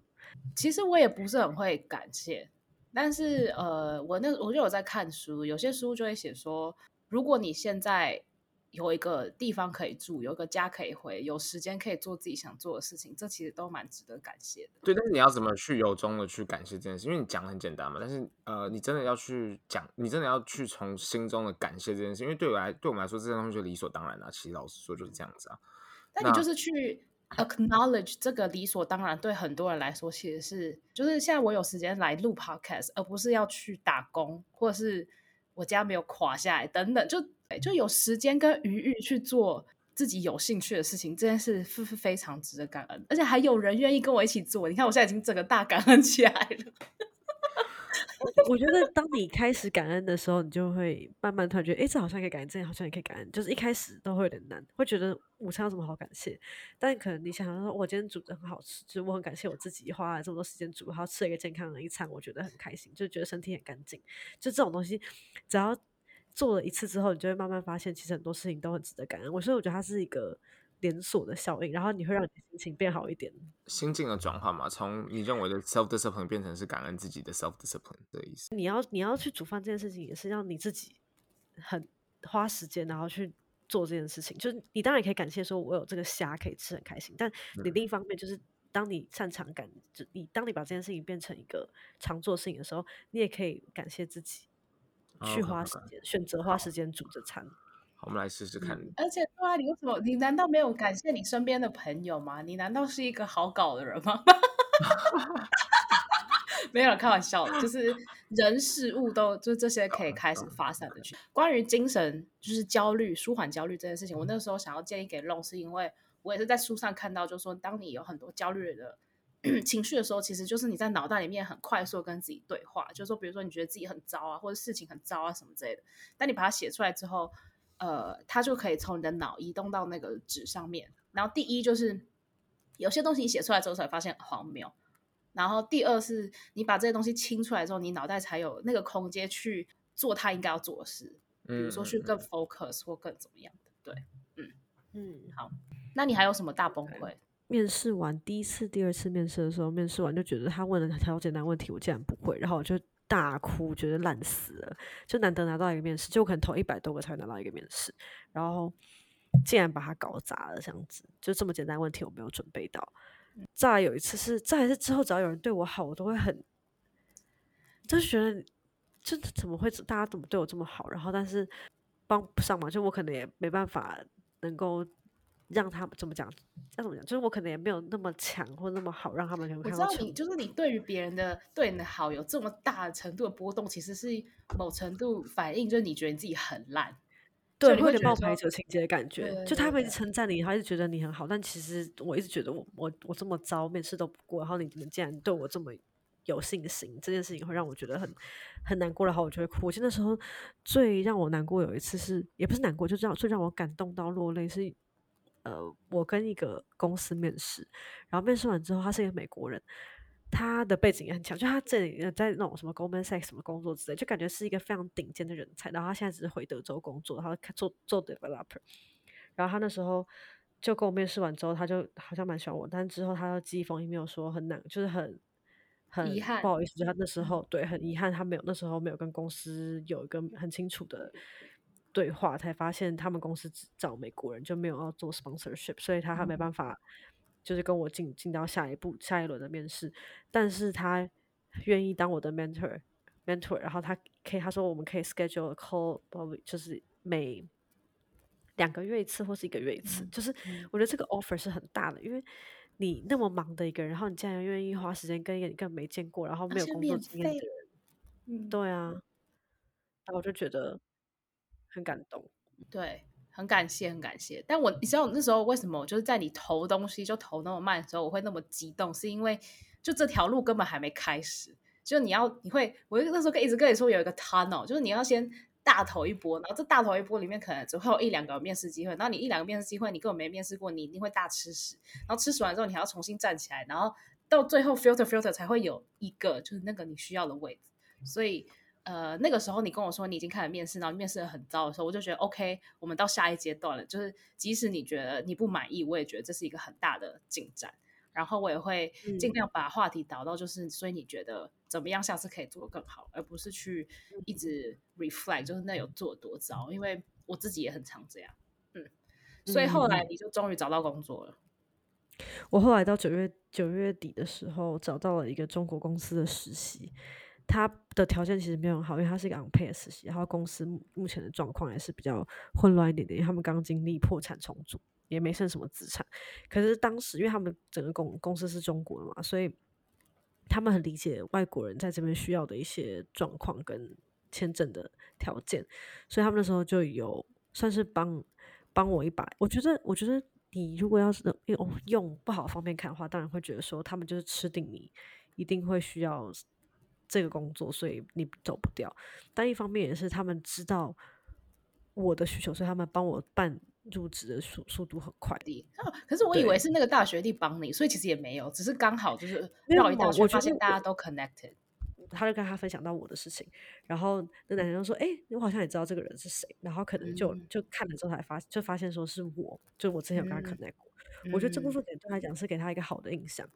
其實我也不是很會感謝，但是呃，我那我就有在看書，有些書就會寫說。如果你現在有一個地方可以住，有一個家可以回，有時間可以做自己想做的事情，這其實都蠻值得感謝的。對，對，但是你要怎麼去由衷的去感謝這件事？因為你講的很簡單嘛，但是呃，你真的要去講，你真的要去從心中的感謝這件事。因為對我來，對我們來說，這件東西就理所當然了、啊。其實老實說就是這樣子啊。嗯、那但你就是去 acknowledge 這個理所當然，對很多人來說，其實是就是現在我有時間來錄 podcast，而不是要去打工，或者是。我家沒有垮下來，等等，就哎，就有時間跟餘裕去做自己有興趣的事情，這件事是是非常值得感恩，而且還有人願意跟我一起做。你看，我現在已經整個大感恩起來了。 我覺得，當你開始感恩的時候，你就會慢慢發覺得，誒、欸，這好像可以感恩，這好像也可以感恩。就是一開始都會有點難，會覺得午餐有什麼好感謝。但可能你想，想說，我今天煮得很好吃，就是我很感謝我自己花了這麼多時間煮，然後吃了一個健康的一餐，我覺得很開心，就覺得身體很乾淨。就這種東西，只要做了一次之後，你就會慢慢發現，其實很多事情都很值得感恩。所以我覺得它是一個。連鎖的效應，然後你會讓你心情變好一點。心境的轉換嘛，從你認為的 self discipline 變成是感恩自己的 self discipline 的意思。你要你要去煮飯這件事情，也是要你自己很花時間，然後去做這件事情。就是你當然也可以感謝說，我有這個蝦可以吃，很開心。但你另一方面，就是當你擅長感，嗯、就你當你把這件事情變成一個常做事情的時候，你也可以感謝自己去花時間，okay, okay 選擇花時間煮這餐。我們來試試看、嗯。而且，對啊，你為什麼？你難道沒有感謝你身邊的朋友嗎？你難道是一個好搞的人嗎？ 沒有，開玩笑，就是人事物都， 就這些可以開始發散的去。 關於精神，就是焦慮、舒緩焦慮這件事情，嗯、我那時候想要建議給 Long，是因為我也是在書上看到，就是說，當你有很多焦慮的 情緒的時候，其實就是你在腦袋裡面很快速跟自己對話，就是說，比如說你覺得自己很糟啊，或者事情很糟啊什麼之類的。但你把它寫出來之後，呃，它就可以從你的腦移動到那個紙上面。然後第一就是有些東西你寫出來之後才發現很荒謬，然後第二是你把這些東西清出來之後，你腦袋才有那個空間去做它應該要做的事。嗯。比如說去更 focus 或更怎麼樣的。嗯、對，嗯嗯，好。那你還有什麼大崩潰？面試完第一次、第二次面試的時候，面試完就覺得他問的很簡單問題我竟然不會，然後我就。大哭，覺得爛死了，就難得拿到一個面試，就可能投一百多個才會拿到一個面試，然後竟然把它搞砸，了，這樣子，就這麼簡單問題，我沒有準備到。再來有一次是，再一次之後，只要有人對我好，我都會很，就覺得，就怎麼會大家怎麼對我這麼好？然後但是幫不上忙，就我可能也沒辦法能夠。讓他們怎麼講？怎麼講？就是我可能也沒有那麼強或者那麼好，讓他們, 讓他們。我知道你就是你對於別人的對你的好有這麼大的程度的波動，其實是某程度反應，就是你覺得你自己很爛，對，有點冒牌者情節的感覺。對對對對，就他們一直稱讚你，他一直覺得你很好，但其實我一直覺得我我我這麼糟，面試都不過，然後你們竟然對我這麼有信心，這件事情會讓我覺得很很難過。然後我就會哭。那時候最讓我難過有一次是也不是難過，就是、這樣，最讓我感動到落淚是。呃，我跟一個公司面試，然後面試完之後，他是一個美國人，他的背景也很強，就他這裡在那種什麼 Goldman Sachs 什麼工作之類，就感覺是一個非常頂尖的人才。然後他現在只是回德州工作，他做做 developer。然後他那時候就跟我面試完之後，他就好像蠻喜歡我，但之後他的憶風也沒有說很難，就是很很遺憾，不好意思，就是那時候對很遺憾，他，遺憾他沒有那時候沒有跟公司有一個很清楚的。對話才發現，他們公司只找美國人，就沒有要做 sponsorship，所以他還沒辦法，就是跟我進進到下一步、下一輪的面試。但是他願意當我的 mentor，mentor，mentor，然後他可以，他說我們可以 schedule a call，就是每兩個月一次或是一個月一次、嗯。就是我覺得這個 offer 是很大的，因為你那麼忙的一個人，然後你竟然願意花時間跟一個你根本沒見過，然後沒有工作經驗的人，啊嗯、對啊、嗯，然後我就覺得。很感動，對，很感謝，很感謝。但我你知道那時候為什麼就是在你投東西就投那麼慢的時候，我會那麼激動，是因為就這條路根本還沒開始。就你要，你會，我那時候可以一直跟你說有一個 tunnel，就是你要先大投一波，然後這大投一波裡面可能只會有一兩個面試機會，然後你一兩個面試機會你根本沒面試過，你一定會大吃屎，然後吃屎完之後你還要重新站起來，然後到最後 filter filter 才會有一個就是那個你需要的位置，所以。呃，那個時候你跟我說你已經開始面試，然後面試得很糟的時候，我就覺得 OK，我們到下一階段了。就是即使你覺得你不滿意，我也覺得這是一個很大的進展。然後我也會盡量把話題導到，就是、嗯、所以你覺得怎麼樣？下次可以做得更好，而不是去一直 reflect，就是那有做多糟。因為我自己也很常這樣嗯。嗯，所以後來你就終於找到工作了。我後來到九月九月底的時候，找到了一個中國公司的實習。他的條件其實沒有很好，因為他是一個 unpaid 實習，然後公司目前的狀況也是比較混亂一點點，因為他們剛經歷破產重組，也沒剩什麼資產。可是當時，因為他們整個公公司是中國的嘛，所以他們很理解外國人在這邊需要的一些狀況跟簽證的條件，所以他們那時候就有算是幫幫我一把。我覺得，我覺得你如果要是用用不好的方面看的話，當然會覺得說他們就是吃定你，一定會需要這個工作，所以你走不掉。但一方面也是他們知道我的需求，所以他們幫我辦入職的速速度很快。哦、可是我以為是那個大學弟幫你，所以其實也沒有，只是剛好就是到一大我，我發現大家都 connected，他就跟他分享到我的事情，然後那男生就說：“哎、欸，我好像也知道這個人是誰。”然後可能就、嗯、就看了之後才發就發現說是我，就我之前有跟他 connect、嗯、我覺得這部分點對他講是給他一個好的印象。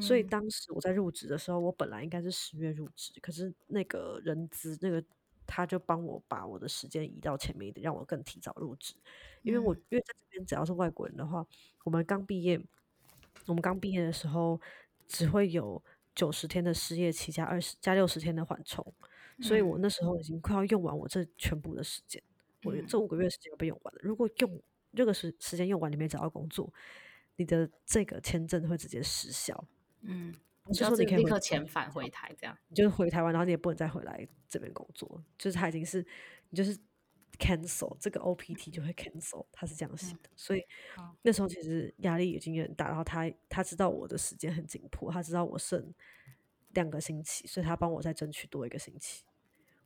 所以當時我在入職的時候，我本來應該是十月入職，可是那個人資，那個他就幫我把我的時間移到前面一點，讓我更提早入職。因為我因為在這邊只要是外國人的話，我們剛畢業，我們剛畢業的時候只會有九十天的失業期加二十加六十天的緩衝，所以我那時候已經快要用完我這全部的時間，我這五個月時間都被用完了。如果用這個時時間用完，你沒找到工作，你的這個簽證會直接失效。嗯，就是說你可以立刻遣返回台，這樣，你就是回台灣，然後你也不能再回來這邊工作，就是他已經是，你就是 cancel 這個 O P T 就會 cancel，他是這樣寫的，嗯，所以那時候其實壓力已經有點大，然後他他知道我的時間很緊迫，他知道我剩兩個星期，所以他幫我再爭取多一個星期。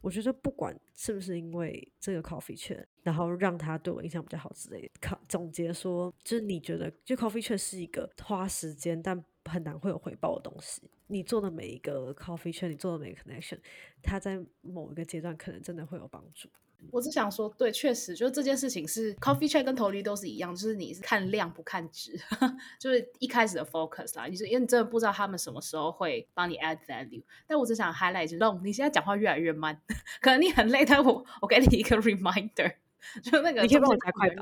我覺得不管是不是因為這個 Coffee 廚，然後讓他對我印象比較好之類，的，總結說，就是你覺得就 Coffee 廚是一個花時間但。很難會有回報的東西。你做的每一個 coffee chat，你做的每一個 connection，它在某一個階段可能真的會有幫助。我只想說，對，確實，就是這件事情是 coffee chat 跟投履都是一樣，就是你是看量不看值， 就是一開始的 focus 啦。你說，因為你真的不知道他們什麼時候會幫你 add value。但我只想 highlight 一下，你現在講話越來越慢，可能你很累，但我我給你一個 reminder。就那個，你可以幫我加快點。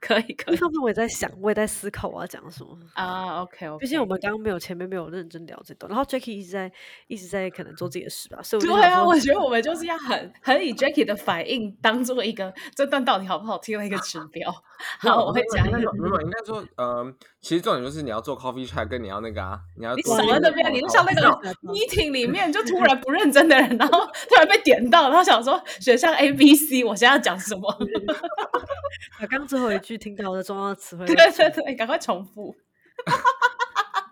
可以可以。一方面我也在想，我也在思考我要講什麼啊。OK，OK。畢、uh, okay, okay, 竟我們剛剛沒有前面沒有認真聊這段。然後 Jackie 一直在一直在可能做自己的事吧、啊。所以對啊好好，我覺得我們就是要很很以 Jackie 的反應當做一個這段到底好不好聽的一個指標。 好、啊，我會講。沒有如果應該說，嗯、呃，其實重點就是你要做 coffee try，跟你要那個啊，你要什麼都沒有，你就像那個 meeting 裡面就突然不認真的人， 然後突然被點到，然後想說選項 A B C，我現在要講什麼？我 剛 最後一句聽到我的重要的詞彙。對對對，趕快重複。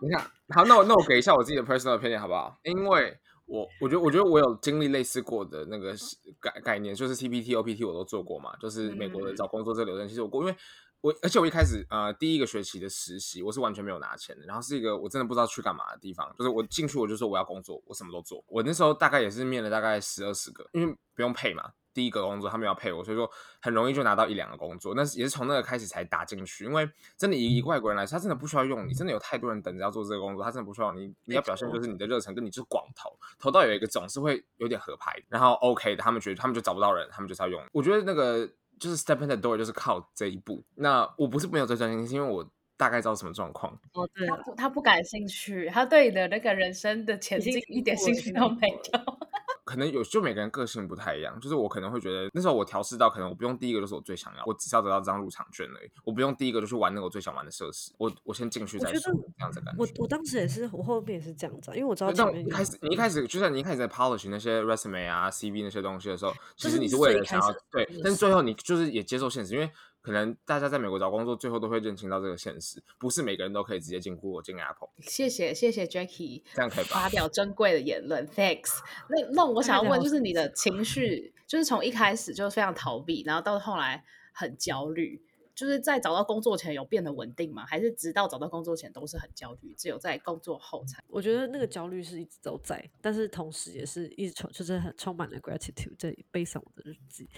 你看，好，那我那我給一下我自己的 personal opinion 好不好？因為我我覺得我覺得我有經歷類似過的那個概概念，就是 CPT、OPT 我都做過嘛，就是美國的找工作這個流程。其實我過，因為我而且我一開始呃，第一個學期的實習，我是完全沒有拿錢的，然後是一個我真的不知道去幹嘛的地方，就是我進去我就說我要工作，我什麼都做。我那時候大概也是面了大概十二十個，因為不用 pay 嘛。第一個工作他們要配我，所以說很容易就拿到一兩個工作。但是也是從那個開始才搭進去，因為真的以外國人來說，他真的不需要用你，真的有太多人等着要做這個工作，他真的不需要你。你要表現就是你的熱忱，跟你就是廣投投到有一個總是會有點合拍，然後 OK 的，他們覺得他們就找不到人，他們就是要用。我覺得那個就是 step in the door，就是靠這一步。那我不是沒有在專心，是因為我大概知道什麼狀況。哦、嗯，他不他不感興趣，他對你的那個人生的前進一點興趣都沒有。嗯可能有，就每個人個性不太一樣。就是我可能會覺得那時候我調試到，可能我不用第一個就是我最想要，我只要得到這張入場券而已。我不用第一個就去玩那個我最想玩的設施，我我先進去再試。我覺得這樣子感覺，我我當時也是，我後面也是這樣子，啊，因為我知道。那開始，嗯，你一開始就算你一開始在 polish 那些 resume 啊，CV 那些東西的時候，其實你是為了想要對，但是最後你就是也接受現實，因為。可能大家在美國找工作，最後都會認清到這個現實，不是每個人都可以直接進 Google、進 Apple。謝謝謝謝 Jacky，這樣可以發表珍貴的言論。 Thanks。那那我想要問，就是你的情緒，就是從一開始就非常逃避，然後到後來很焦慮，就是在找到工作前有變得穩定嗎？還是直到找到工作前都是很焦慮，只有在工作後才？我覺得那個焦慮是一直都在，但是同時也是一直充，就是很充滿了 gratitude，在背上我的日記。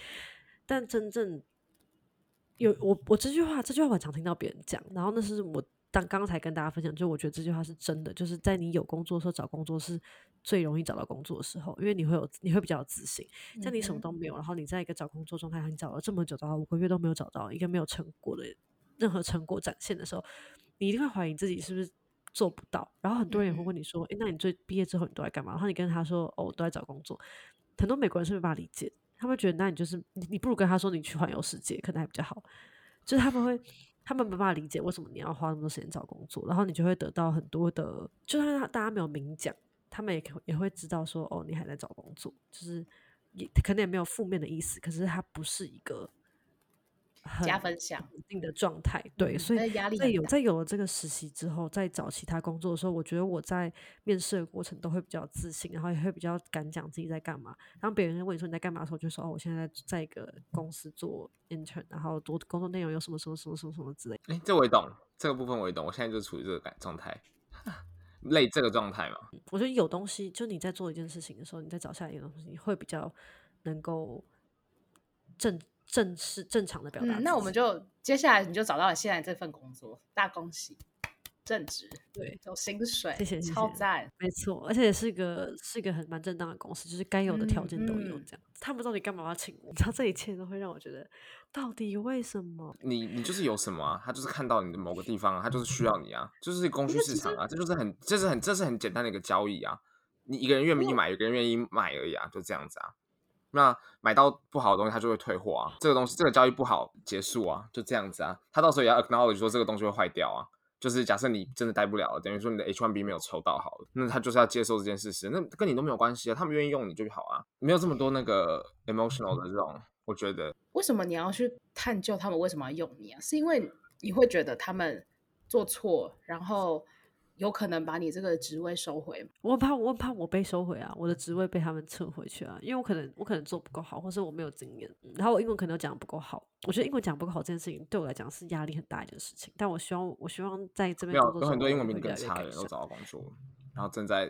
但真正。有我我這句話這句話我常聽到別人講，然後那是我當剛才跟大家分享，就我覺得這句話是真的，就是在你有工作的時候找工作是最容易找到工作的時候，因為你會有你會比較有自信。像你什麼都沒有，然後你在一個找工作狀態，你找了這麼久的話，找了五個月都沒有找到一個沒有成果的任何成果展現的時候，你一定會懷疑自己是不是做不到。然後很多人也會問你說，哎、嗯嗯欸，那你最畢業之後你都在幹嘛？然後你跟他說，哦，我都在找工作。很多美國人是沒辦法理解。他們覺得，那你就是你，你不如跟他說你去環遊世界，可能還比較好。就是他們會，他們沒辦法理解為什麼你要花那麼多時間找工作，然後你就會得到很多的，就算大家沒有明講，他們也也也會知道說，哦，你還在找工作，就是也可能也沒有負面的意思，可是他不是一個。加分項定的狀態，對，嗯、所以在有、嗯、在有了這個實習之後，在找其他工作的時候，我覺得我在面試的過程都會比較自信，然後也會比較敢講自己在幹嘛。然後別人問你說你在幹嘛的時候，就說哦，我現在在一個公司做 intern，然後我工作內容有什,什麼什麼什麼什麼之類。哎、欸，這我也懂，這個部分我也懂。我現在就處於這個狀態， 累這個狀態嘛。我覺得有東西，就你在做一件事情的時候，你在找下一個東西你會比較能夠正。正式正常的表達、嗯。那我們就接下來你就找到了現在這份工作，大恭喜！正職，對，有薪水，謝謝超讚，沒錯，而且是一個是一個很蠻正當的公司，就是該有的條件都有這樣。嗯嗯、他們到底幹嘛要請我？你知道這一切都會讓我覺得，到底為什麼？你你就是有什麼啊？他就是看到你的某個地方、啊，他就是需要你啊，就是供需市場啊，這就是很這、就是很這是很簡單的一個交易啊。你一個人願不願意買、哦，一個人願意買而已啊，就這樣子啊。那買到不好的東西，他就會退貨啊。這個東西，這個交易不好，結束啊，就這樣子啊。他到時候也要 acknowledge 說這個東西會壞掉啊。就是假設你真的待不了了，等於說你的 H1B 沒有抽到好了，那他就是要接受這件事實，那跟你都沒有關係啊。他們願意用你就好啊，沒有這麼多那個 emotional 的這種，我覺得。為什麼你要去探究他們為什麼要用你啊？是因為你會覺得他們做錯，然後？有可能把你這個職位收回嗎？我很怕，我很怕我被收回啊！我的職位被他們撤回去啊！因為我可能，我可能做不夠好，或是我沒有經驗。嗯、然後我英文可能都講不夠好，我覺得英文講不夠好這件事情對我來講是壓力很大一件事情。但我希望，我希望在這邊工作，有很多英文比你更差的人都找到工作，嗯，然後正在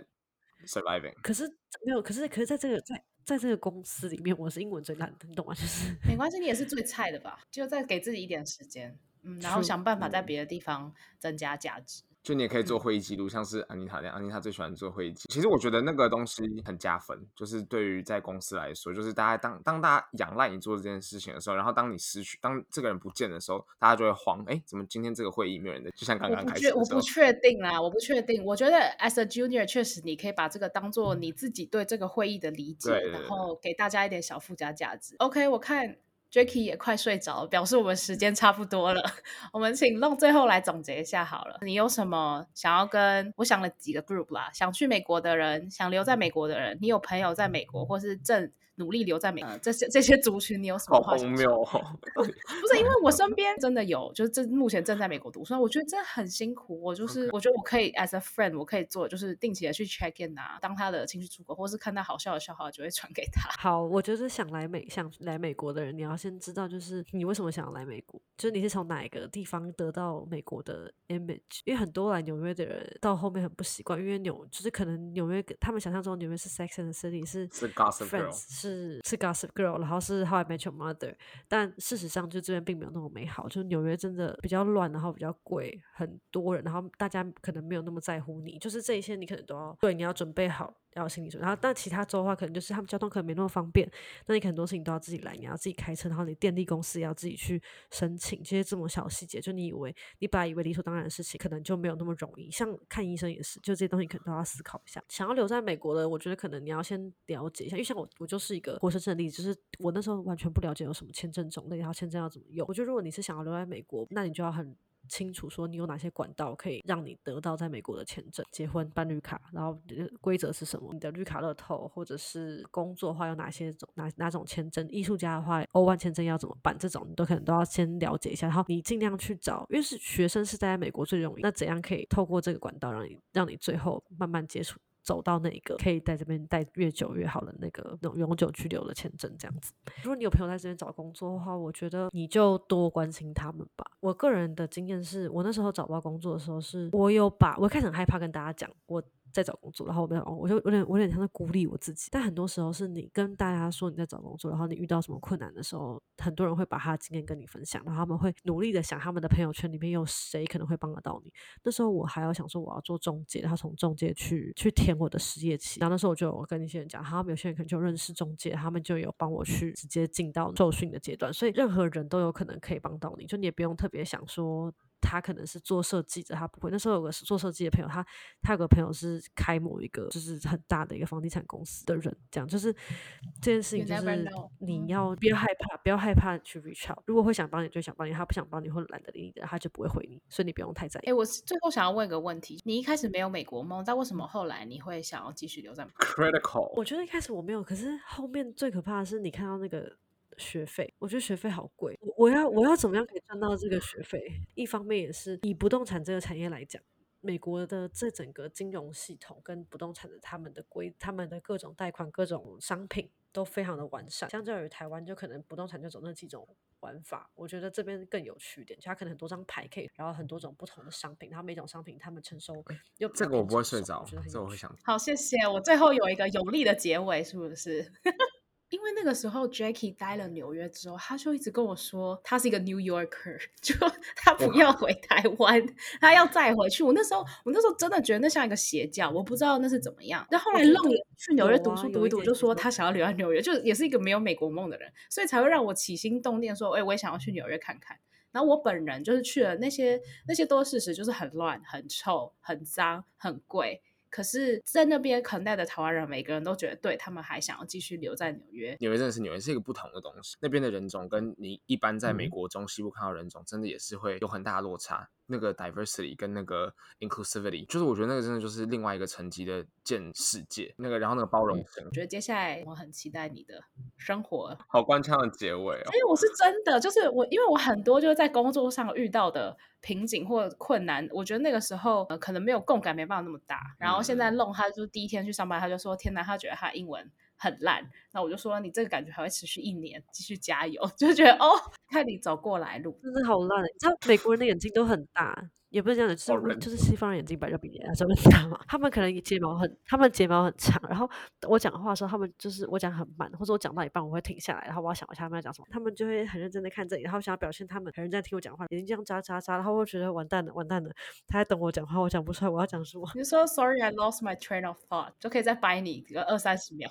surviving。可是沒有，可是，可是在這個在在這個公司裡面，我是英文最爛的，你懂嗎？就是沒關係，你也是最菜的吧？就再給自己一點時間，嗯，然後想辦法在別的地方增加價值。就你也可以做會議記錄、嗯，像是安妮塔那樣，安妮塔最喜歡做會議記錄。其實我覺得那個東西很加分，就是對於在公司來說，就是大家當當大家仰賴你做這件事情的時候，然後當你失去，當這個人不見的時候，大家就會慌，哎、欸，怎麼今天這個會議沒有人？就像剛剛開始，我不確定啦，我不確定、啊、定。我覺得 as a junior，確實你可以把這個當做你自己對這個會議的理解，嗯、然後給大家一點小附加價值。OK，我看。Jacky 也快睡着，表示我們時間差不多了。 我們請 Long 最後來總結一下好了。你有什麼想要跟？我想了幾個 group 啦，想去美國的人，想留在美國的人，你有朋友在美國或是正。努力留在美，呃、這些這些族群你有什麼好蜂蜂 不是因為我身邊真的有，就是這目前正在美國讀，所以我覺得真的很辛苦。我就是、okay. 我覺得我可以 as a friend，我可以做就是定期的去 check in 啊，當他的情緒出口，或是看到好笑的笑話，就會傳給他。好，我就是想來美想來美國的人，你要先知道就是你為什麼想要來美國，就是你是從哪一個地方得到美國的 image，因為很多來紐約的人到後面很不習慣，因為紐就是可能紐約他們想象中的紐約是 sex and city，是 friends, 是 gossip girl，是。是《Gossip Girl》，然後是《How I Met Your Mother》，但事實上就這邊並沒有那麼美好。就紐約真的比較亂，然後比較貴，很多人，然後大家可能沒有那麼在乎你。就是這一些，你可能都要，對，你要準備好。要心理準備，然後但其他州的話，可能就是他們交通可能沒那麼方便，那你可能很多事情都要自己來，你要自己開車，然後你電力公司也要自己去申請，這些這麼小細節，就你以為你本來以為理所當然的事情，可能就沒有那麼容易。像看醫生也是，就這些東西可能都要思考一下。想要留在美國的，我覺得可能你要先了解一下，因為像我，我就是一個活生生的例子，就是我那時候完全不了解有什麼簽證種類，然後簽證要怎麼用。我覺得如果你是想要留在美國，那你就要很。清楚說，你有哪些管道可以讓你得到在美國的簽證、結婚辦綠卡，然後規則是什麼？你的綠卡樂透，或者是工作的話，有哪些種哪哪種簽證？藝術家的話，O-1 簽證要怎麼辦？這種你都可能都要先了解一下。然後你盡量去找，因為是學生是在，在美國最容易。那怎樣可以透過這個管道讓你讓你最後慢慢接觸？走到那個可以在這邊待越久越好的那個那種永久居留的簽證這樣子。如果你有朋友在這邊找工作的話，我覺得你就多關心他們吧。我個人的經驗是我那時候找不到工作的時候是，是我有把我開始很害怕跟大家講我。在找工作，然後我、哦，我就有點，我有點像在鼓勵我自己。但很多時候是你跟大家說你在找工作，然後你遇到什麼困難的時候，很多人會把他經驗跟你分享，然後他們會努力的想他們的朋友圈裡面有誰可能會幫得到你。那時候我還要想說我要做中介，然後從中介去去填我的失業期。然後那時候我就跟一些人講，他們有些人可能就認識中介，他們就有幫我去直接進到受訓的階段。所以任何人都有可能可以幫到你，就你也不用特別想說。他可能是做設計的，他不會。那時候有個做設計的朋友，他他有個朋友是開某一個就是很大的一個房地產公司的人，這樣就是這件事情就是你要、嗯、不要害怕，不要害怕去 reach out。如果會想幫你，就想幫你，他不想幫你，或懶得理你的，他就不會回你，所以你不用太在意。哎，我最後想要問一個問題，你一開始沒有美國夢，但為什麼後來你會想要繼續留在美國 Critical？我覺得一開始我沒有，可是後面最可怕的是你看到那個。學費，我覺得學費好貴。我要，我要怎麼樣可以賺到這個學費？一方面也是以不動產這個產業來講，美國的這整個金融系統跟不動產的他們的規、他們的各種貸款、各種商品都非常的完善。相較於台灣，就可能不動產就走那幾種玩法。我覺得這邊更有趣一點，就它可能很多張牌可以，然後很多種不同的商品，然後每種商品他們承受又承受這個我不會睡着，我覺得很，這我會想。好，謝謝，我最後有一個有力的結尾，是不是？ 因為那個時候，Jacky 待了紐約之後，他就一直跟我說，他是一個 New Yorker，就他不要回台灣，他要再回去。我那時候，我那時候真的覺得那像一個邪教，我不知道那是怎麼樣。但後來讓我去紐約讀書、啊、讀一讀，我就說他想要留在紐約、啊，就也是一個沒有美國夢的人，所以才會讓我起心動念說，哎、欸，我也想要去紐約看看。然後我本人就是去了那些那些多事實，就是很亂、很臭、很髒、很髒、很貴。可是，在那邊肯待的台灣人，每個人都覺得對他們還想要繼續留在紐約。紐約真的是紐約，是一個不同的東西。那邊的人種跟你一般在美國中西部看到的人種，嗯，真的也是會有很大的落差。那個 diversity 跟那個 inclusivity，就是我覺得那個真的就是另外一個層級的見世界。那個，然後那個包容、嗯。我覺得接下來我很期待你的生活。好官腔的結尾哦。因為我是真的，就是我，因為我很多就是在工作上遇到的瓶頸或困難，我覺得那個時候、呃、可能沒有共感沒辦法那麼大。然後現在 Long 他就第一天去上班，他就說：“天吶，他覺得他英文。”很爛，那我就說你這個感覺還會持續一年，繼續加油。就覺得哦，看你走過來路，真的好爛。你知道美國人的眼睛都很大，也不是這樣的，就是就是西方人眼睛本來就比亞洲人大嘛。他們可能睫毛很，他們睫毛很長。然後我講話的時候，他們就是我講很慢，或者我講到一半我會停下來，然後我要想一下他們講什麼，他們就會很認真的看這裡，然後想要表現他們很認真在聽我講話，眼睛這樣眨眨眨，然後我覺得完蛋了，完蛋了，他在等我講話，我講不出來，我要講什麼？你說 Sorry, I lost my train of thought，就可以再掰你一個二三十秒。